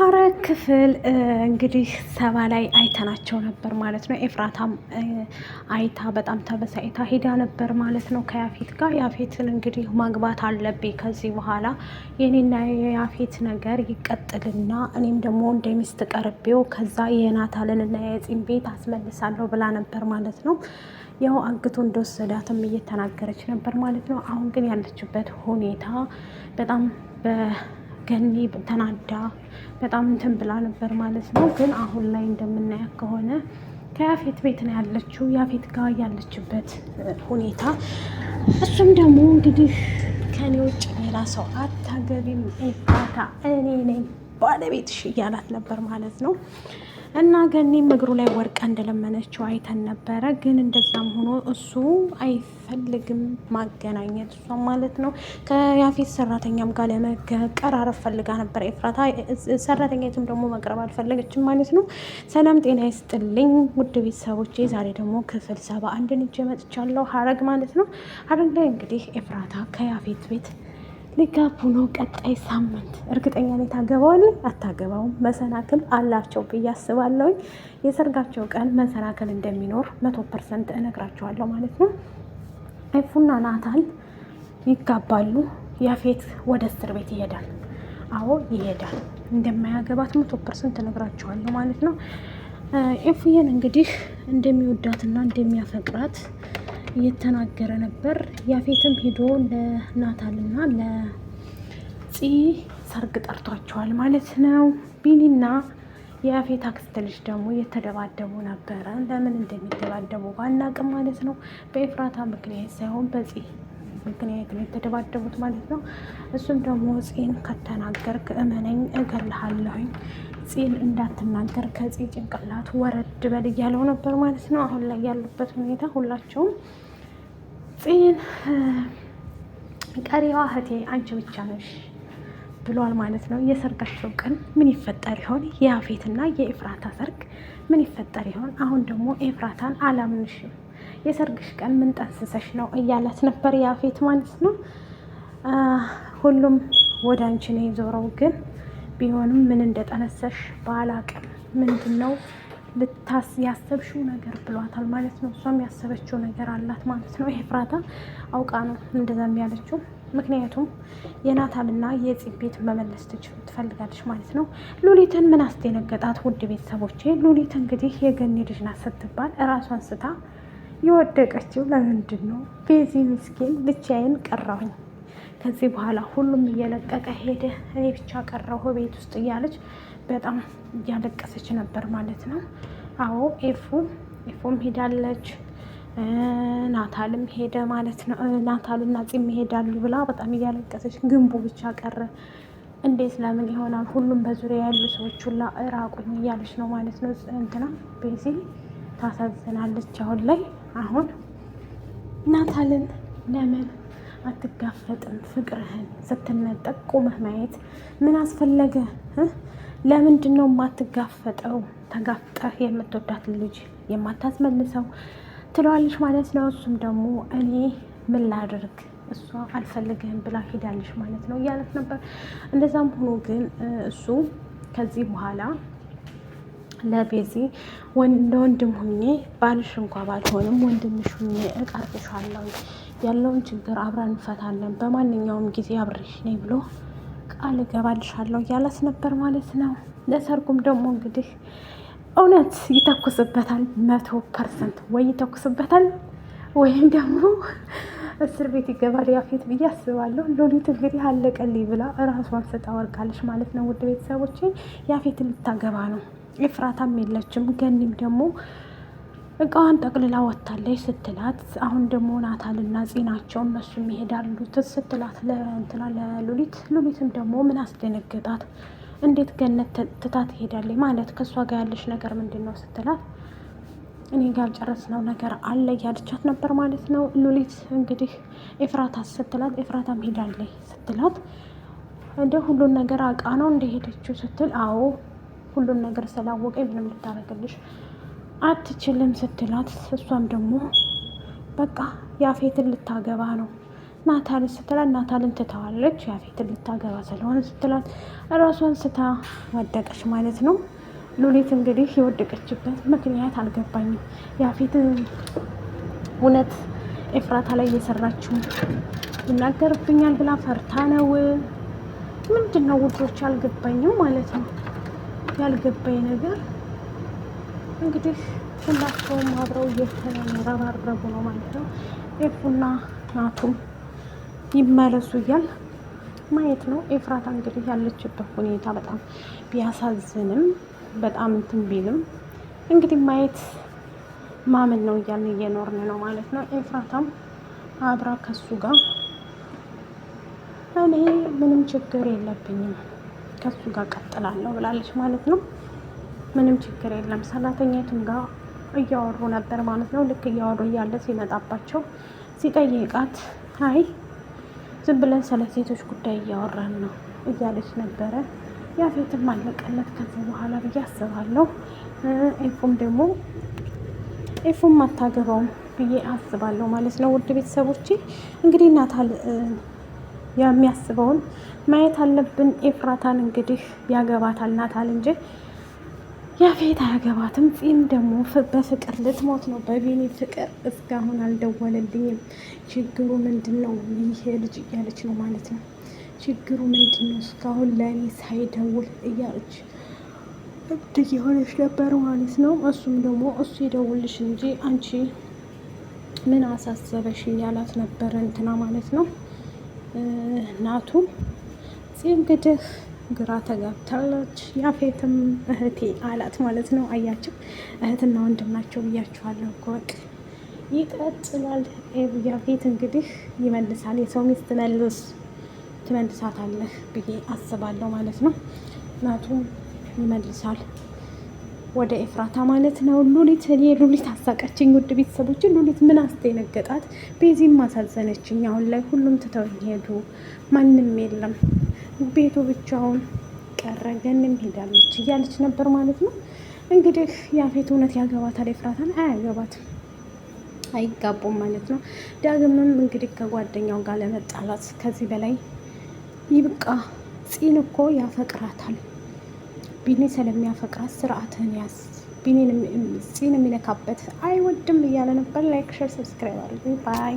ሐረግ ክፍል እንግዲህ ሰባ ላይ አይተናቸው ነበር ማለት ነው። ኤፍራታም አይታ በጣም ተበሳይታ ሄዳ ነበር ማለት ነው ከያፌት ጋር። ያፌትን እንግዲህ ማግባት አለብኝ ከዚህ በኋላ የኔና የያፌት ነገር ይቀጥልና እኔም ደግሞ እንደ ሚስት ቀርቤው ከዛ የናታልንና የፂን ቤት አስመልሳለሁ ብላ ነበር ማለት ነው። ያው አግቶ እንደወሰዳትም እየተናገረች ነበር ማለት ነው። አሁን ግን ያለችበት ሁኔታ በጣም ገኒ ተናዳ በጣም እንትን ብላ ነበር ማለት ነው። ግን አሁን ላይ እንደምናያ ከሆነ ከያፌት ቤት ነው ያለችው። ያፌት ጋር ያለችበት ሁኔታ እሱም ደግሞ እንግዲህ ከኔ ውጭ ሌላ ሰው አታገቢም፣ ኤፍራታ እኔ ነኝ ባለቤትሽ እያላት ነበር ማለት ነው። እና ገኒም እግሩ ላይ ወርቃ እንደለመነችው አይተን ነበረ። ግን እንደዛም ሆኖ እሱ አይፈልግም ማገናኘት እሷ ማለት ነው ከያፌት ሰራተኛም ጋር ለመቀራረብ ፈልጋ ነበረ ኤፍራታ። ሰራተኛቱም ደግሞ መቅረብ አልፈለገችም ማለት ነው። ሰላም ጤና ይስጥልኝ ውድ ቤተሰቦቼ፣ ዛሬ ደግሞ ክፍል ሰባ አንድን ይዤ መጥቻለሁ። ሀረግ ማለት ነው። ሀረግ ላይ እንግዲህ ኤፍራታ ከያፌት ቤት ሊጋቡ ነው። ቀጣይ ሳምንት እርግጠኛ ነኝ ታገባዋል አታገባውም መሰናክል አላቸው ብዬ አስባለሁኝ። የሰርጋቸው ቀን መሰናክል እንደሚኖር መቶ ፐርሰንት እነግራቸዋለሁ ማለት ነው። ኤፉና ናታል ይጋባሉ። ያፌት ወደ እስር ቤት ይሄዳል። አዎ ይሄዳል። እንደማያገባት መቶ ፐርሰንት እነግራቸዋለሁ ማለት ነው። ኤፉዬን እንግዲህ እንደሚወዳትና እንደሚያፈቅራት እየተናገረ ነበር። ያፌትም ሄዶ ለናታልና ለፂ ሰርግ ጠርቷቸዋል ማለት ነው። ቢኒና የአፌት አክስት ልጅ ደግሞ የተደባደቡ ነበረ። ለምን እንደሚደባደቡ ባናቅም ማለት ነው። በኤፍራታ ምክንያት ሳይሆን በፂ ምክንያት ነው የተደባደቡት ማለት ነው። እሱም ደግሞ ፂን ከተናገርክ እመነኝ እገልሃለሁኝ ፂን እንዳትናገር ከፂ ጭንቅላት ወረድ በል እያለው ነበር ማለት ነው። አሁን ላይ ያሉበት ሁኔታ ሁላቸውም ፂን ቀሪዋ እህቴ አንቺ ብቻ ነሽ ብሏል ማለት ነው። የሰርጋቸው ቀን ምን ይፈጠር ይሆን? የአፌትና የኤፍራታ ሰርግ ምን ይፈጠር ይሆን? አሁን ደግሞ ኤፍራታን አላምንሽም፣ የሰርግሽ ቀን ምን ጠንስሰሽ ነው እያላት ነበር የአፌት ማለት ነው። ሁሉም ወደ አንቺ ነው የዞረው ግን ቢሆንም ምን እንደጠነሰሽ ባላቅም ምንድን ነው ልታስ ያሰብሽው ነገር ብሏታል ማለት ነው። እሷም ያሰበችው ነገር አላት ማለት ነው። ኤፍራታ አውቃ ነው እንደዛም ያለችው። ምክንያቱም የናታንና የጽብ ቤት መመለስ ትፈልጋለች ማለት ነው። ሉሊትን ምን አስደነገጣት? ውድ ቤተሰቦቼ ሉሊት እንግዲህ የገኒ ልጅ ናት ስትባል እራሷን ስታ የወደቀችው ለምንድን ነው? ቤዚ ምስኪን ብቻዬን ቀራሁኝ ከዚህ በኋላ ሁሉም እየለቀቀ ሄደ፣ እኔ ብቻ ቀረሁ ቤት ውስጥ እያለች በጣም እያለቀሰች ነበር ማለት ነው። አዎ ኤፉ ኤፉም ሄዳለች፣ ናታልም ሄደ ማለት ነው። ናታልና ጺም ይሄዳሉ ብላ በጣም እያለቀሰች ግንቡ ብቻ ቀረ። እንዴት ለምን ይሆናል? ሁሉም በዙሪያ ያሉ ሰዎች ሁላ እራቁኝ እያለች ነው ማለት ነው። እንትና ቤዚ ታሳዝናለች አሁን ላይ አሁን ናታልን ለምን አትጋፈጥም። ፍቅርህን ስትነጠቅ ቁመህ ማየት ምን አስፈለገ? ለምንድን ነው የማትጋፈጠው? ተጋፍጠህ የምትወዳትን ልጅ የማታስመልሰው ትለዋለች ማለት ነው። እሱም ደግሞ እኔ ምን ላድርግ እሷ አልፈልግህም ብላ ሄዳለች ማለት ነው እያለት ነበር። እንደዛም ሆኖ ግን እሱ ከዚህ በኋላ ለቤዚ ለወንድም ሁኜ ባልሽ እንኳ ባልሆንም ወንድምሽ ሁኜ እቀርብሻለሁ፣ ያለውን ችግር አብረን እንፈታለን፣ በማንኛውም ጊዜ አብሬሽ ነኝ ብሎ ቃል እገባልሻለሁ እያላት ነበር ማለት ነው። ለሰርጉም ደግሞ እንግዲህ እውነት ይተኩስበታል፣ መቶ ፐርሰንት ወይ ይተኩስበታል ወይም ደግሞ እስር ቤት ይገባል ያፌት ብዬ አስባለሁ። ሎሊት እንግዲህ አለቀልኝ ብላ እራሷን ስታ ማለት ነው። ውድ ቤተሰቦች ያፌትን ልታገባ ነው። ኤፍራታም የለችም። ገኒም ደግሞ እቃዋን ጠቅልላ ወታለች ስትላት፣ አሁን ደግሞ ናታልና ጽናቸው ናቸው እነሱም ይሄዳሉ ስትላት ለእንትና ለሉሊት ሉሊትም ደግሞ ምን አስደነገጣት? እንዴት ገነት ትታ ትሄዳለች? ማለት ከእሷ ጋር ያለች ነገር ምንድን ነው ስትላት፣ እኔ ጋር ነው ነገር አለ እያለቻት ነበር ማለት ነው። ሉሊት እንግዲህ ኤፍራታ ስትላት፣ ኤፍራታም ሄዳለች ስትላት፣ እንደ ሁሉን ነገር አውቃ ነው እንደሄደችው ስትል አዎ ሁሉን ነገር ስላወቀ ምንም ልታረግልሽ አትችልም ስትላት፣ እሷም ደግሞ በቃ ያፌትን ልታገባ ነው ናታልን ስትላት፣ ናታልን ትተዋለች ያፌትን ልታገባ ስለሆነ ስትላት፣ እራሷን ስታ ወደቀች ማለት ነው። ሉሊት እንግዲህ የወደቀችበት ምክንያት አልገባኝም። ያፌትን እውነት ኤፍራታ ላይ እየሰራችው ይናገርብኛል ብላ ፈርታ ነው ምንድን ነው ውዶች፣ አልገባኝም ማለት ነው። ያልገባኝ ነገር እንግዲህ ሁላቸውም አብረው እየተረባረቡ ነው ማለት ነው። ኤፉና ናቱም ይመለሱ እያል ማየት ነው። ኤፍራታ እንግዲህ ያለችበት ሁኔታ በጣም ቢያሳዝንም በጣም እንትን ቢልም እንግዲህ ማየት ማመን ነው እያልን እየኖርን ነው ማለት ነው። ኤፍራታም አብራ ከሱ ጋር እኔ ምንም ችግር የለብኝም ከሱ ጋር ቀጥላለሁ ብላለች ማለት ነው። ምንም ችግር የለም። ሰራተኛቱም ጋር እያወሩ ነበር ማለት ነው። ልክ እያወሩ እያለ ሲመጣባቸው ሲጠይቃት አይ ዝም ብለን ስለ ሴቶች ጉዳይ እያወራን ነው እያለች ነበረ። ያፌትም አለቀለት ከዚህ በኋላ ብዬ አስባለሁ። ኤፉም ደግሞ ኤፉም አታገባውም ብዬ አስባለሁ ማለት ነው። ውድ ቤተሰቦቼ እንግዲህ እናታል የሚያስበውን ማየት አለብን። ኤፍራታን እንግዲህ ያገባታል ናታል እንጂ ያፌት አያገባትም። ፂም ደግሞ በፍቅር ልትሞት ነው። በቢኒ ፍቅር እስካሁን አልደወለልኝም። ችግሩ ምንድን ነው? ይሄ ልጅ እያለች ነው ማለት ነው። ችግሩ ምንድን ነው? እስካሁን ለእኔ ሳይደውል እያለች እብድ የሆነች ነበር ማለት ነው። እሱም ደግሞ እሱ ይደውልሽ እንጂ አንቺ ምን አሳሰበሽ እያላት ነበረ እንትና ማለት ነው። ናቱ እዚህ እንግዲህ ግራ ተጋብታለች። ያፌትም እህቴ አላት ማለት ነው። አያቸው እህትና ወንድም ናቸው ብያችኋለሁ። ከወቅ ይቀጥላል። ያፌት እንግዲህ ይመልሳል። የሰው ሚስት መልስ ትመልሳታለህ ብዬ አስባለሁ ማለት ነው። ናቱም ይመልሳል። ወደ ኤፍራታ ማለት ነው። ሉሊት እኔ ሉሊት አሳቀችኝ። ውድ ቤተሰቦች ሉሊት ምን አስደነገጣት? ቤዚም አሳዘነችኝ። አሁን ላይ ሁሉም ትተውኝ ሄዱ፣ ማንም የለም፣ ቤቱ ብቻውን ቀረ፣ ገንም ሄዳለች እያለች ነበር ማለት ነው። እንግዲህ ያፌት እውነት ያገባታል ኤፍራታን? አያገባትም፣ አይጋቡም ማለት ነው። ዳግምም እንግዲህ ከጓደኛው ጋር ለመጣላት ከዚህ በላይ ይብቃ። ፂን እኮ ያፈቅራታል ቢኒ ስለሚያፈቅራት ስርዓትን ያዝ፣ ቢኒን የሚነካበት አይወድም እያለ ነበር። ላይክ፣ ሸር፣ ሰብስክራይብ አድርጉ። ባይ